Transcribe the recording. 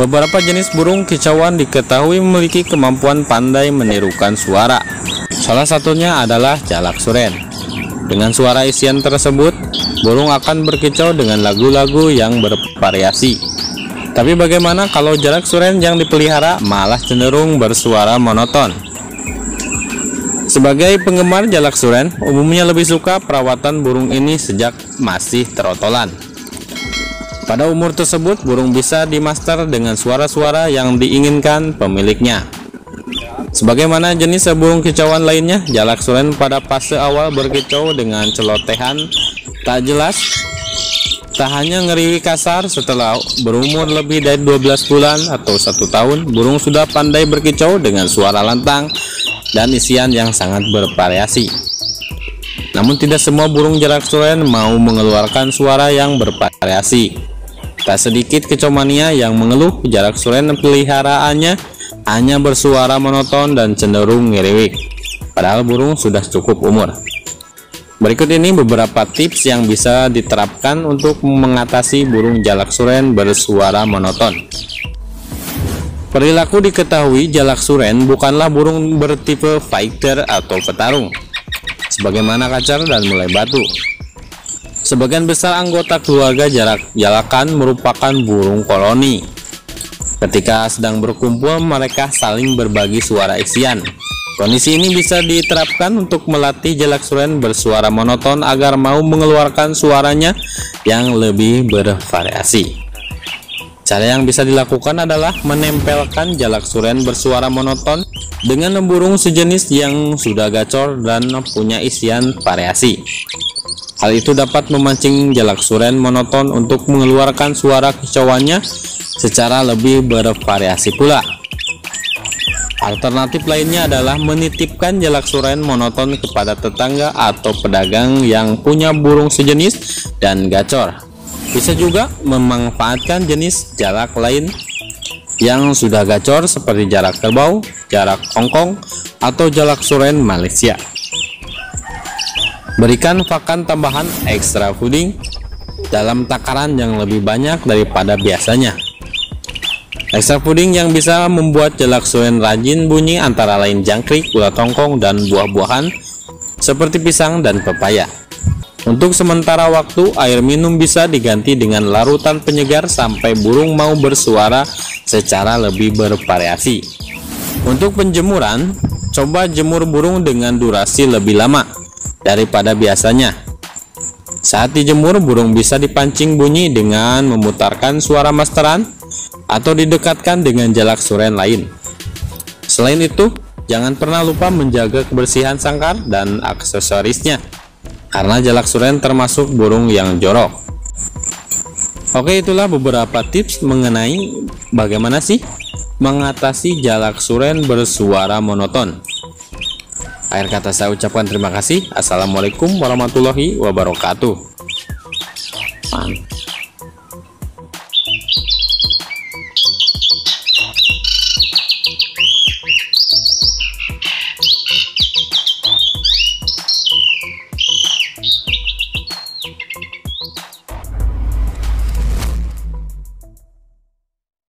Beberapa jenis burung kicauan diketahui memiliki kemampuan pandai menirukan suara. Salah satunya adalah jalak suren. Dengan suara isian tersebut, burung akan berkicau dengan lagu-lagu yang bervariasi. Tapi bagaimana kalau jalak suren yang dipelihara malah cenderung bersuara monoton? Sebagai penggemar jalak suren, umumnya lebih suka perawatan burung ini sejak masih terotolan. Pada umur tersebut, burung bisa dimaster dengan suara-suara yang diinginkan pemiliknya. Sebagaimana jenis burung kicauan lainnya, jalak suren pada fase awal berkicau dengan celotehan tak jelas Tak hanya ngeri kasar, setelah berumur lebih dari 12 bulan atau satu tahun, burung sudah pandai berkicau dengan suara lantang dan isian yang sangat bervariasi. Namun tidak semua burung jarak suren mau mengeluarkan suara yang bervariasi. Tak sedikit kecomania yang mengeluh jarak suren peliharaannya hanya bersuara monoton dan cenderung ngiriwik. Padahal burung sudah cukup umur. Berikut ini beberapa tips yang bisa diterapkan untuk mengatasi burung jalak suren bersuara monoton. Perilaku diketahui jalak suren bukanlah burung bertipe fighter atau petarung, sebagaimana kacar dan mulai batu. Sebagian besar anggota keluarga jalak jalakan merupakan burung koloni. Ketika sedang berkumpul, mereka saling berbagi suara isian. Kondisi ini bisa diterapkan untuk melatih jalak suren bersuara monoton agar mau mengeluarkan suaranya yang lebih bervariasi. Cara yang bisa dilakukan adalah menempelkan jalak suren bersuara monoton dengan burung sejenis yang sudah gacor dan punya isian variasi. Hal itu dapat memancing jalak suren monoton untuk mengeluarkan suara kicauannya secara lebih bervariasi pula. Alternatif lainnya adalah menitipkan jalak suren monoton kepada tetangga atau pedagang yang punya burung sejenis dan gacor bisa juga memanfaatkan jenis jarak lain yang sudah gacor seperti jarak kerbau, jarak kongkong, atau jarak suren Malaysia. Berikan pakan tambahan ekstra puding dalam takaran yang lebih banyak daripada biasanya. Ekstra puding yang bisa membuat jelak suren rajin bunyi antara lain jangkrik, ulat tongkong, dan buah-buahan seperti pisang dan pepaya. Untuk sementara waktu, air minum bisa diganti dengan larutan penyegar sampai burung mau bersuara secara lebih bervariasi. Untuk penjemuran, coba jemur burung dengan durasi lebih lama daripada biasanya. Saat dijemur, burung bisa dipancing bunyi dengan memutarkan suara masteran atau didekatkan dengan jalak suren lain. Selain itu, jangan pernah lupa menjaga kebersihan sangkar dan aksesorisnya karena jalak suren termasuk burung yang jorok. Oke, itulah beberapa tips mengenai bagaimana sih mengatasi jalak suren bersuara monoton. Akhir kata saya ucapkan terima kasih. Assalamualaikum warahmatullahi wabarakatuh. Mantap.